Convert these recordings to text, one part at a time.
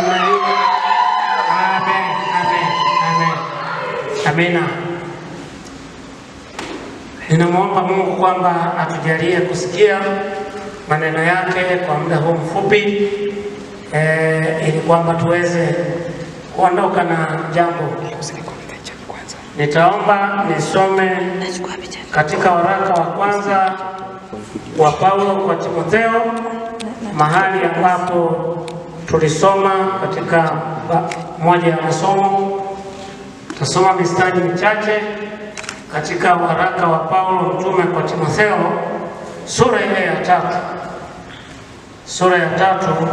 namna hiyo. Amen, amen, amen, amena. Ninamwomba Mungu kwamba atujalie kusikia maneno yake kwa muda huu mfupi eh, ili kwamba tuweze kuondoka na jambo. Nitaomba nisome katika waraka wa kwanza wa Paulo kwa Timotheo mahali ambapo tulisoma katika moja ya masomo, tutasoma mistari michache katika waraka wa Paulo mtume kwa Timotheo sura ile ya tatu, sura ya tatu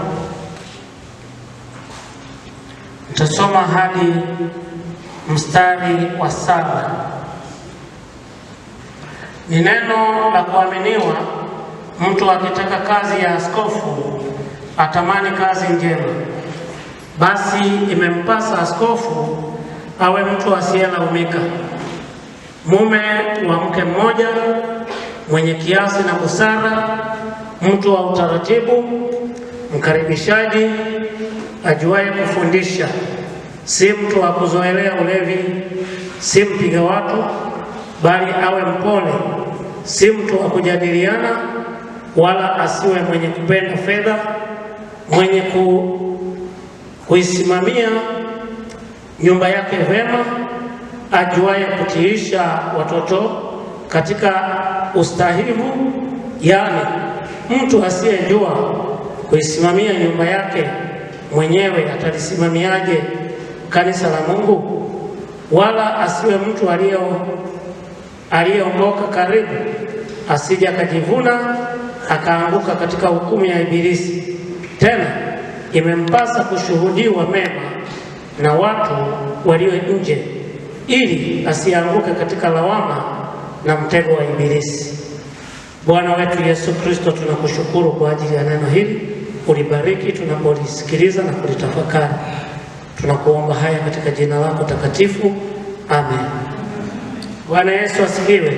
nitasoma hadi mstari wa saba. Ni neno la kuaminiwa, mtu akitaka kazi ya askofu atamani kazi njema, basi imempasa askofu awe mtu asiyelaumika, mume wa mke mmoja, mwenye kiasi na busara, mtu wa utaratibu, mkaribishaji, ajuaye kufundisha, si mtu wa kuzoelea ulevi, si mpiga watu, bali awe mpole, si mtu wa kujadiliana, wala asiwe mwenye kupenda fedha mwenye ku, kuisimamia nyumba yake vema, ajuaye kutiisha watoto katika ustahivu, yaani mtu asiyejua kuisimamia nyumba yake mwenyewe atalisimamiaje kanisa la Mungu? Wala asiwe mtu aliyeongoka karibu, asije akajivuna akaanguka katika hukumu ya Ibilisi. Tena imempasa kushuhudiwa mema na watu walio nje, ili asianguke katika lawama na mtego wa Ibilisi. Bwana wetu Yesu Kristo, tunakushukuru kwa ajili ya neno hili, ulibariki tunapolisikiliza na kulitafakari. Tunakuomba haya katika jina lako takatifu, amen. Bwana Yesu asifiwe,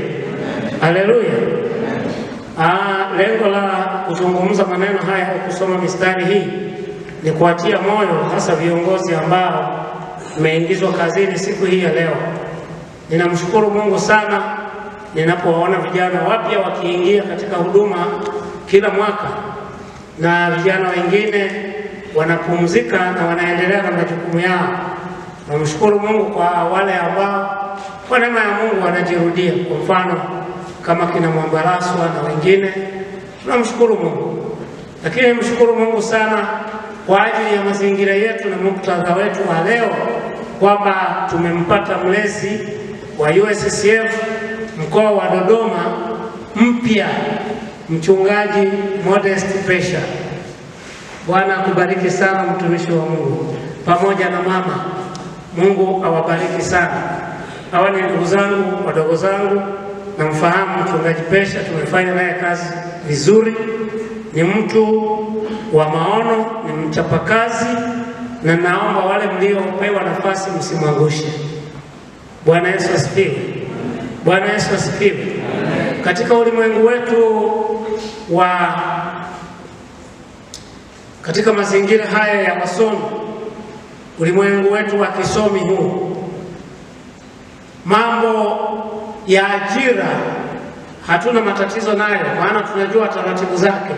haleluya. Ah, lengo la kuzungumza maneno haya au kusoma mistari hii ni kuatia moyo hasa viongozi ambao mmeingizwa kazini siku hii ya leo. Ninamshukuru Mungu sana ninapowaona vijana wapya wakiingia katika huduma kila mwaka, na vijana wengine wanapumzika na wanaendelea na majukumu yao. Namshukuru Mungu kwa wale ambao kwa neema ya Mungu wanajirudia. Kwa mfano kama kina Mwambaraswa na wengine. Tunamshukuru Mungu, lakini mshukuru Mungu sana kwa ajili ya mazingira yetu na muktadha wetu wa leo kwamba tumempata mlezi wa USCF mkoa wa Dodoma mpya, mchungaji Modest Pesha. Bwana akubariki sana mtumishi wa Mungu pamoja na mama. Mungu awabariki sana. Hawa ni ndugu zangu, wadogo zangu namfahamu mchungaji Pesha, tumefanya naye kazi vizuri. Ni mtu wa maono, ni mchapakazi, na naomba wale mliopewa nafasi msimwangushe. Bwana Yesu asifiwe! Bwana Yesu asifiwe! Katika ulimwengu wetu wa katika mazingira haya ya masomo, ulimwengu wetu wa kisomi huu mambo ya ajira hatuna matatizo nayo, maana tunajua taratibu zake.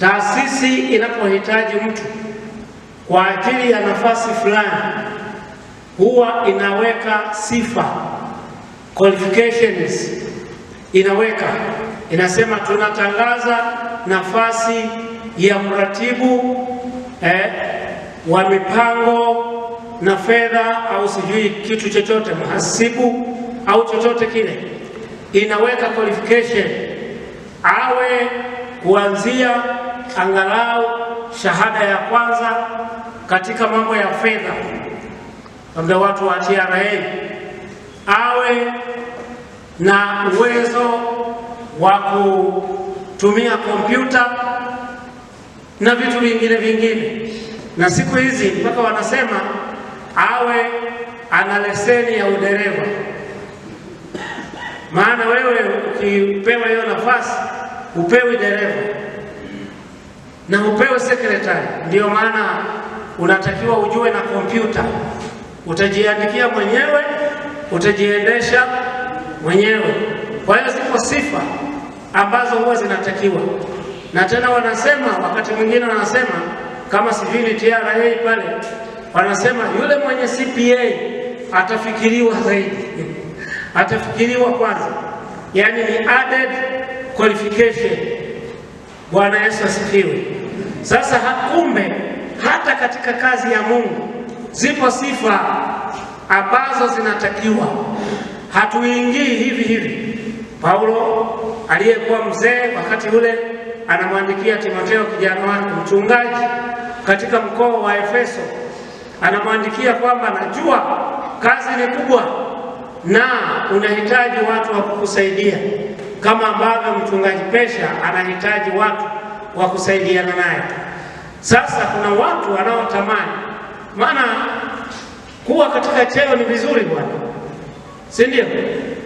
Taasisi inapohitaji mtu kwa ajili ya nafasi fulani, huwa inaweka sifa qualifications, inaweka inasema, tunatangaza nafasi ya mratibu eh, wa mipango na fedha au sijui kitu chochote, mhasibu au chochote kile, inaweka qualification awe kuanzia angalau shahada ya kwanza katika mambo ya fedha, labda watu wa TRA, awe na uwezo wa kutumia kompyuta na vitu vingine vingine, na siku hizi mpaka wanasema awe ana leseni ya udereva. Maana wewe ukipewa hiyo nafasi upewi dereva na upewe sekretari. ndio maana unatakiwa ujue na kompyuta, utajiandikia mwenyewe, utajiendesha mwenyewe. Kwa hiyo zipo sifa ambazo huwa zinatakiwa, na tena wanasema wakati mwingine wanasema kama sivili TRA pale wanasema yule mwenye CPA atafikiriwa zaidi atafikiriwa kwanza, yani ni added qualification. Bwana Yesu asifiwe. Sasa hakumbe hata katika kazi ya Mungu zipo sifa ambazo zinatakiwa, hatuingii hivi hivi. Paulo aliyekuwa mzee wakati ule anamwandikia Timotheo kijana wake mchungaji katika mkoa wa Efeso, anamwandikia kwamba najua kazi ni kubwa na unahitaji watu wa kukusaidia kama ambavyo mchungaji Pesha anahitaji watu wa kusaidiana naye. Sasa kuna watu wanaotamani, maana kuwa katika cheo ni vizuri bwana, si ndio?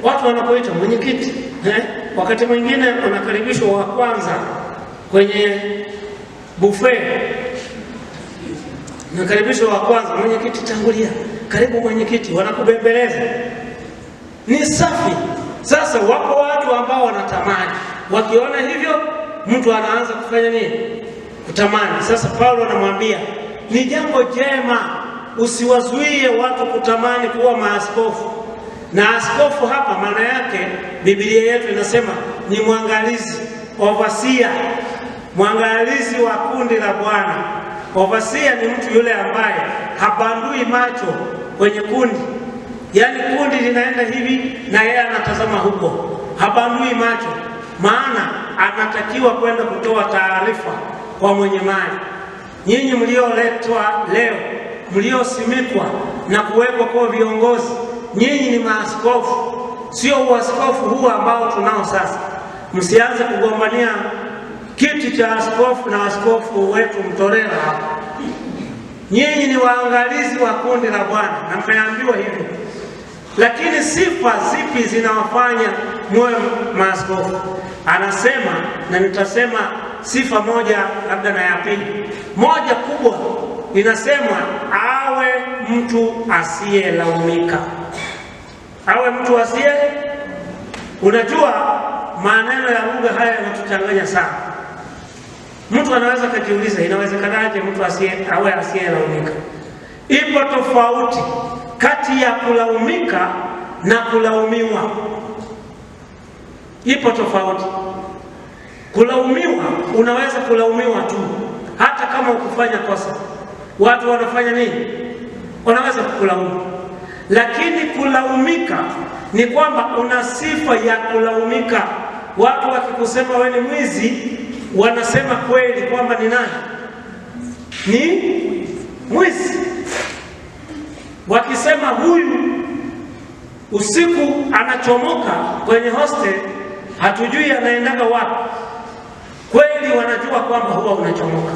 Watu wanapoitwa mwenyekiti eh, wakati mwingine wanakaribishwa wa kwanza kwenye buffet, nakaribishwa wa kwanza, mwenyekiti tangulia, karibu mwenyekiti, wanakubembeleza ni safi. Sasa wako watu ambao wanatamani, wakiona hivyo mtu anaanza kufanya nini? Kutamani. Sasa Paulo anamwambia ni jambo jema, usiwazuie watu kutamani kuwa maaskofu. Na askofu hapa maana yake Biblia yetu inasema ni mwangalizi, ovasia mwangalizi wa kundi la Bwana. ovasia ni mtu yule ambaye habandui macho kwenye kundi Yaani kundi linaenda hivi na yeye anatazama huko, hapanui macho, maana anatakiwa kwenda kutoa taarifa kwa mwenye mali. Nyinyi mlioletwa leo, mliosimikwa na kuwekwa kwa viongozi, nyinyi ni maaskofu, sio uaskofu huu ambao tunao sasa. Msianze kugombania kiti cha askofu na askofu wetu Mtorera hapa. Nyinyi ni waangalizi wa kundi la Bwana na mmeambiwa hivyo. Lakini sifa zipi zinawafanya mwe maaskofu? Anasema, na nitasema sifa moja labda na ya pili. Moja kubwa inasema awe mtu asiyelaumika, awe mtu asiye. Unajua, maneno ya lugha haya yanatuchanganya sana. Mtu anaweza akajiuliza, inawezekanaje mtu asiye awe asiyelaumika? Ipo tofauti kati ya kulaumika na kulaumiwa. Ipo tofauti. Kulaumiwa, unaweza kulaumiwa tu hata kama ukufanya kosa, watu wanafanya nini? Wanaweza kukulaumu. Lakini kulaumika ni kwamba una sifa ya kulaumika. Watu wakikusema wewe ni mwizi, wanasema kweli kwamba ni nani? Ni mwizi wakisema huyu usiku anachomoka kwenye hostel, hatujui anaendaga wapi. Kweli wanajua kwamba huwa unachomoka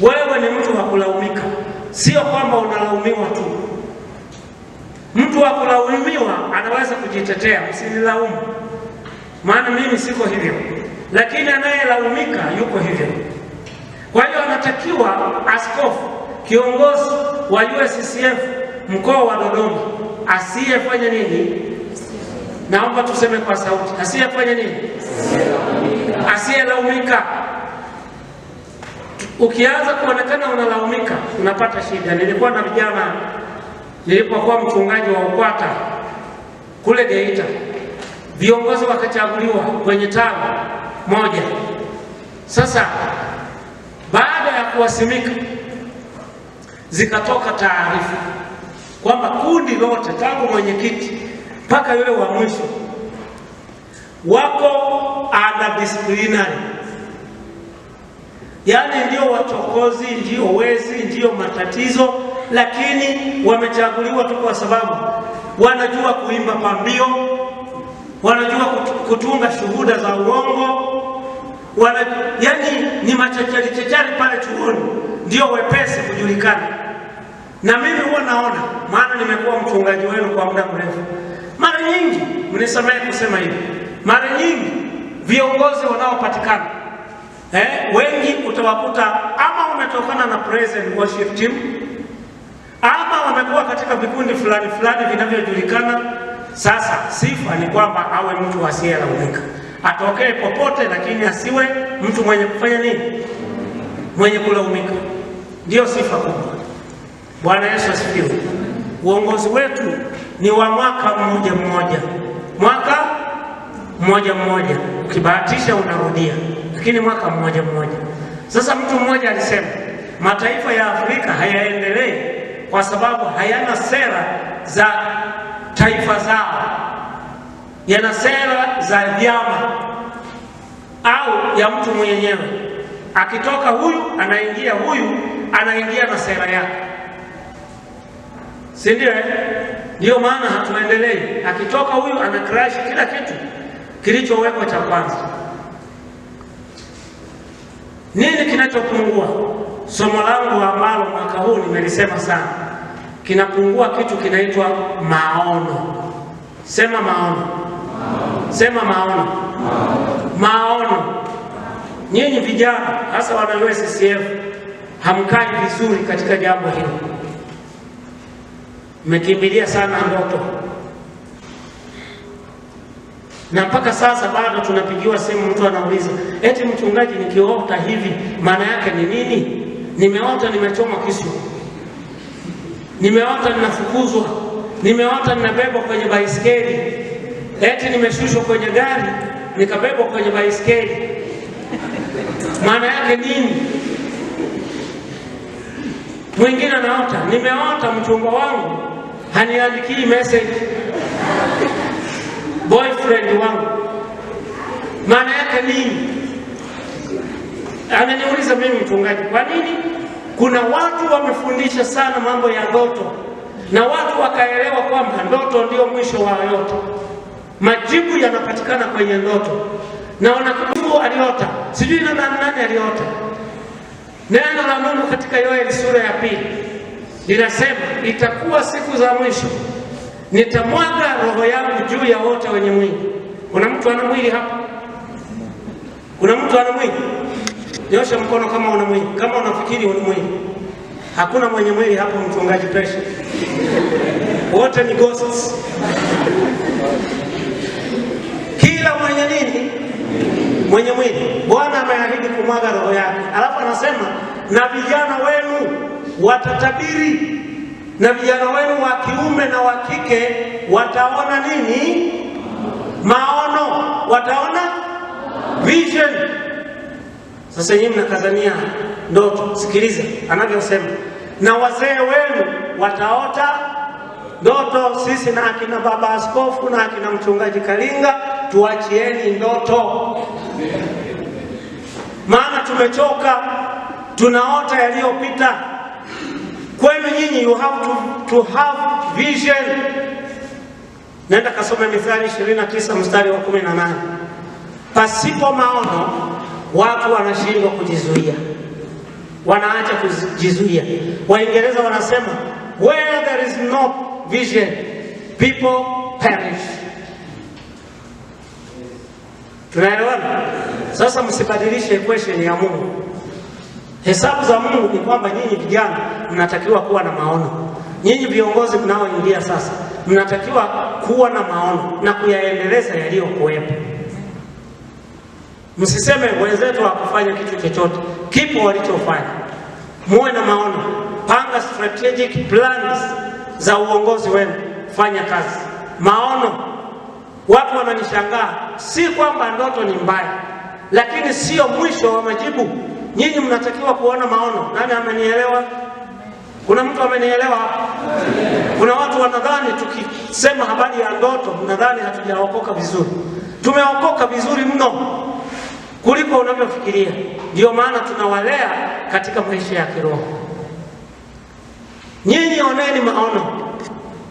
wewe, ni mtu wa kulaumika, sio kwamba unalaumiwa tu. Mtu wa kulaumiwa anaweza kujitetea, msinilaumu maana mimi siko hivyo, lakini anayelaumika yuko hivyo. Kwa hiyo anatakiwa askofu, kiongozi wa uscf mkoa wa Dodoma, asiyefanya nini? Naomba tuseme kwa sauti, asiyefanya nini? Asiyelaumika. Ukianza kuonekana unalaumika, unapata shida. Nilikuwa na vijana nilipokuwa mchungaji wa Ukwata kule Geita, viongozi wakachaguliwa kwenye tawi moja. Sasa baada ya kuwasimika, zikatoka taarifa kwamba kundi lote tangu mwenyekiti mpaka yule wa mwisho wako ana disciplinary, yaani ndio wachokozi, ndio wezi, ndio matatizo, lakini wamechaguliwa tu kwa sababu wanajua kuimba pambio, wanajua kutunga shuhuda za uongo wana, yaani ni machachari chachari pale chuoni, ndio wepesi kujulikana. Na mimi huwa naona, maana nimekuwa mchungaji wenu kwa muda mrefu, mara nyingi mnisamehe kusema hivi, mara nyingi viongozi wanaopatikana eh, wengi utawakuta ama umetokana na praise and worship team ama wamekuwa katika vikundi fulani fulani vinavyojulikana. Sasa sifa ni kwamba awe mtu asiyelaumika, atokee popote, lakini asiwe mtu mwenye kufanya nini, mwenye kulaumika. Ndiyo sifa kubwa. Bwana Yesu asifiwe. Uongozi wetu ni wa mwaka mmoja mmoja, mwaka mmoja mmoja, ukibahatisha unarudia, lakini mwaka mmoja mmoja. Sasa mtu mmoja alisema mataifa ya Afrika hayaendelei kwa sababu hayana sera za taifa zao, yana sera za vyama au ya mtu mwenyewe. Akitoka huyu anaingia huyu anaingia na sera yake si ndio? Eh? Ndiyo maana hatuendelei. Akitoka huyu ana crash kila kitu kilichowekwa cha kwanza. Nini kinachopungua? Somo langu ambalo mwaka huu nimelisema sana, kinapungua kitu kinaitwa maono. Sema maono, sema maono, maono. Nyinyi vijana hasa wana USCF hamkai vizuri katika jambo hilo mmekimbilia sana ndoto, na mpaka sasa bado tunapigiwa simu, mtu anauliza eti mchungaji, nikiota hivi maana yake ni nini? Nimeota nimechomwa kisu, nimeota ninafukuzwa, nimeota ninabebwa kwenye baiskeli eti nimeshushwa kwenye gari nikabebwa kwenye baiskeli maana yake nini? Mwingine anaota nimeota mchumba wangu haniandikii message boyfriend wangu. Maana yake nini? Ananiuliza mimi mchungaji, kwa nini kuna watu wamefundisha sana mambo ya ndoto na watu wakaelewa kwamba ndoto ndio mwisho wa yote, majibu yanapatikana kwenye ndoto na wanakutubu aliota sijui na nani aliota. Neno la Mungu katika Yoeli sura ya pili linasema, itakuwa siku za mwisho nitamwaga roho yangu juu ya wote wenye mwili. Kuna mtu ana mwili hapa? Kuna mtu ana mwili? Nyosha mkono kama una mwili, kama unafikiri una mwili. Hakuna mwenye mwili hapo, mchungaji Pesha, wote ni ghosts. Kila mwenye nini? Mwenye mwili. Bwana ameahidi kumwaga roho yake, alafu anasema na vijana wenu watatabiri, na vijana wenu wa kiume na wa kike wataona nini? Maono, wataona vision. Sasa yeye mnakazania ndoto. Sikiliza anavyosema, na wazee wenu wataota ndoto. Sisi na akina baba askofu na akina mchungaji Kalinga tuachieni ndoto, maana tumechoka, tunaota yaliyopita. Kwenu nyinyi you have to, to have vision. Nenda kasome Mithali 29 mstari wa 18. Pasipo maono watu wanashindwa kujizuia, wanaacha kujizuia. Waingereza wanasema where there is no vision people perish. Tunaelewana? Sasa msibadilishe equation ya Mungu. Hesabu za Mungu ni kwamba nyinyi vijana mnatakiwa kuwa na maono. Nyinyi viongozi mnaoingia sasa, mnatakiwa kuwa na maono na kuyaendeleza yaliyokuwepo. Msiseme wenzetu hawakufanya kitu chochote, kipo walichofanya. Muwe na maono, panga strategic plans za uongozi wenu, fanya kazi. Maono, watu wananishangaa, si kwamba ndoto ni mbaya, lakini sio mwisho wa majibu. Nyinyi mnatakiwa kuona maono. Nani amenielewa? Kuna mtu amenielewa? Kuna watu wanadhani tukisema habari ya ndoto, mnadhani hatujaokoka vizuri. Tumeokoka vizuri mno kuliko unavyofikiria. Ndio maana tunawalea katika maisha ya kiroho. Nyinyi oneni maono,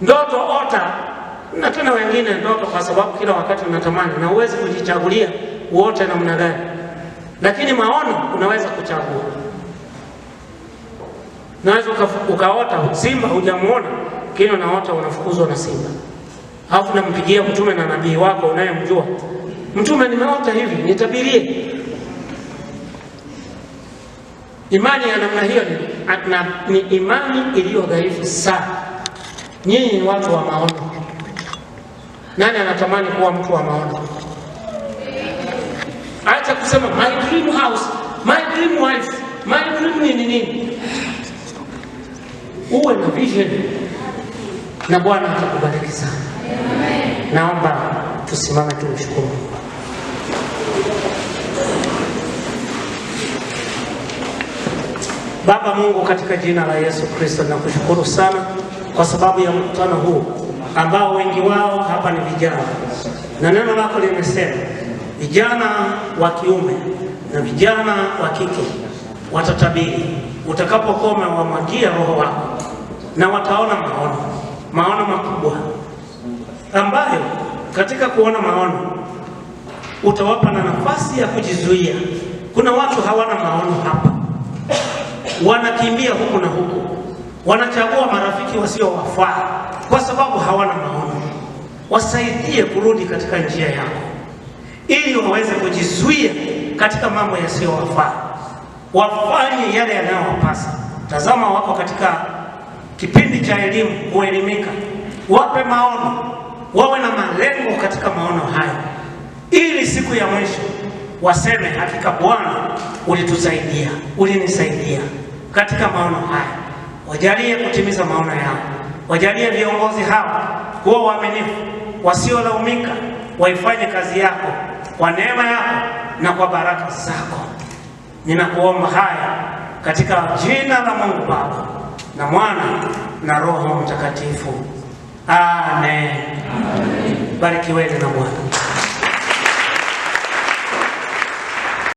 ndoto ota, na tena wengine ndoto, kwa sababu kila wakati unatamani na uwezi kujichagulia uote namna gani lakini maono unaweza kuchagua. Unaweza ukaota simba hujamuona, lakini unaota unafukuzwa na simba, alafu nampigia mtume na nabii wako unayemjua mtume, nimeota hivi, nitabirie. Imani ya namna hiyo ni imani iliyo dhaifu sana. Nyinyi ni watu wa maono. Nani anatamani kuwa mtu wa maono? acha kusema my dream house, my dream wife, my dream nini nini. Uwe na vision na Bwana atakubariki sana. Naomba tusimame tumshukuru. Baba Mungu, katika jina la Yesu Kristo, nakushukuru sana kwa sababu ya mkutano huu ambao wengi wao hapa ni vijana, na neno lako limesema vijana wa kiume na vijana wa kike watatabiri, utakapokuwa umewamwagia roho wako, na wataona maono, maono makubwa, ambayo katika kuona maono utawapa na nafasi ya kujizuia. Kuna watu hawana maono hapa, wanakimbia huku na huku, wanachagua marafiki wasiowafaa kwa sababu hawana maono. Wasaidie kurudi katika njia yako ili waweze kujizuia katika mambo yasiyowafaa, wafanye yale yanayowapasa. Tazama, wako katika kipindi cha elimu, kuelimika, wape maono, wawe na malengo katika maono hayo, ili siku ya mwisho waseme hakika Bwana ulitusaidia, ulinisaidia katika maono haya. Wajalie kutimiza maono yao, wajalie viongozi hawa kuwa waaminifu, wasiolaumika, waifanye kazi yako kwa neema yako na kwa baraka zako. Ninakuomba haya katika jina la Mungu Baba na Mwana na Roho Mtakatifu. Amen. Amen. Barikiweni na Bwana.